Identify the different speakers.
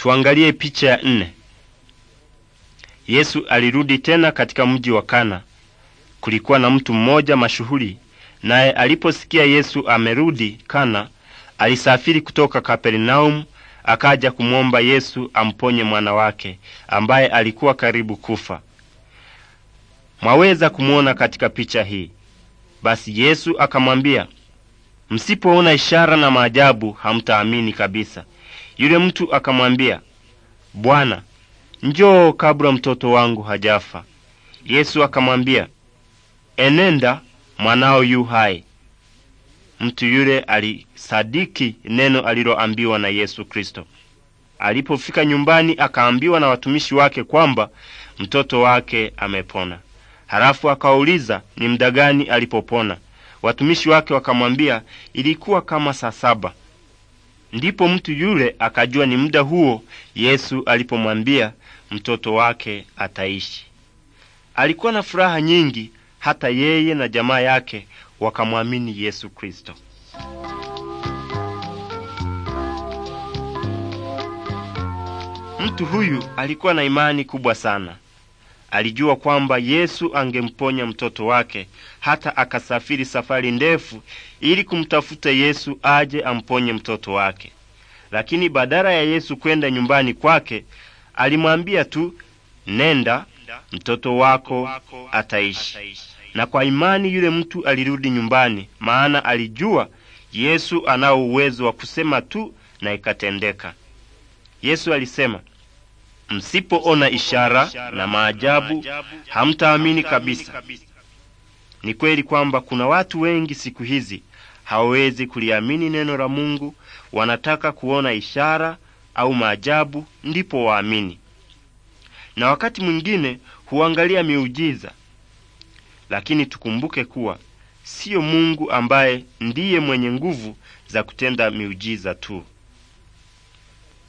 Speaker 1: Tuangalie picha ya nne. Yesu alirudi tena katika mji wa Kana. Kulikuwa na mtu mmoja mashuhuri, naye aliposikia Yesu amerudi Kana, alisafiri kutoka Kapernaum akaja kumwomba Yesu amponye mwana wake ambaye alikuwa karibu kufa. Mwaweza kumwona katika picha hii. Basi Yesu akamwambia, msipoona ishara na maajabu hamtaamini kabisa. Yule mtu akamwambia, Bwana, njoo kabla mtoto wangu hajafa. Yesu akamwambia, enenda, mwanao yu hai. Mtu yule alisadiki neno aliloambiwa na Yesu Kristo. Alipofika nyumbani, akaambiwa na watumishi wake kwamba mtoto wake amepona. Halafu akauliza ni muda gani alipopona. Watumishi wake wakamwambia ilikuwa kama saa saba. Ndipo mtu yule akajua ni muda huo Yesu alipomwambia mtoto wake ataishi. Alikuwa na furaha nyingi, hata yeye na jamaa yake wakamwamini Yesu Kristo. Mtu huyu alikuwa na imani kubwa sana. Alijua kwamba Yesu angemponya mtoto wake, hata akasafiri safari ndefu ili kumtafuta Yesu aje amponye mtoto wake. Lakini badala ya Yesu kwenda nyumbani kwake, alimwambia tu, nenda, mtoto wako ataishi. Na kwa imani yule mtu alirudi nyumbani, maana alijua Yesu anao uwezo wa kusema tu na ikatendeka. Yesu alisema, Msipoona ishara na maajabu hamtaamini kabisa. Ni kweli kwamba kuna watu wengi siku hizi hawawezi kuliamini neno la Mungu, wanataka kuona ishara au maajabu ndipo waamini, na wakati mwingine huangalia miujiza. Lakini tukumbuke kuwa siyo Mungu ambaye ndiye mwenye nguvu za kutenda miujiza tu.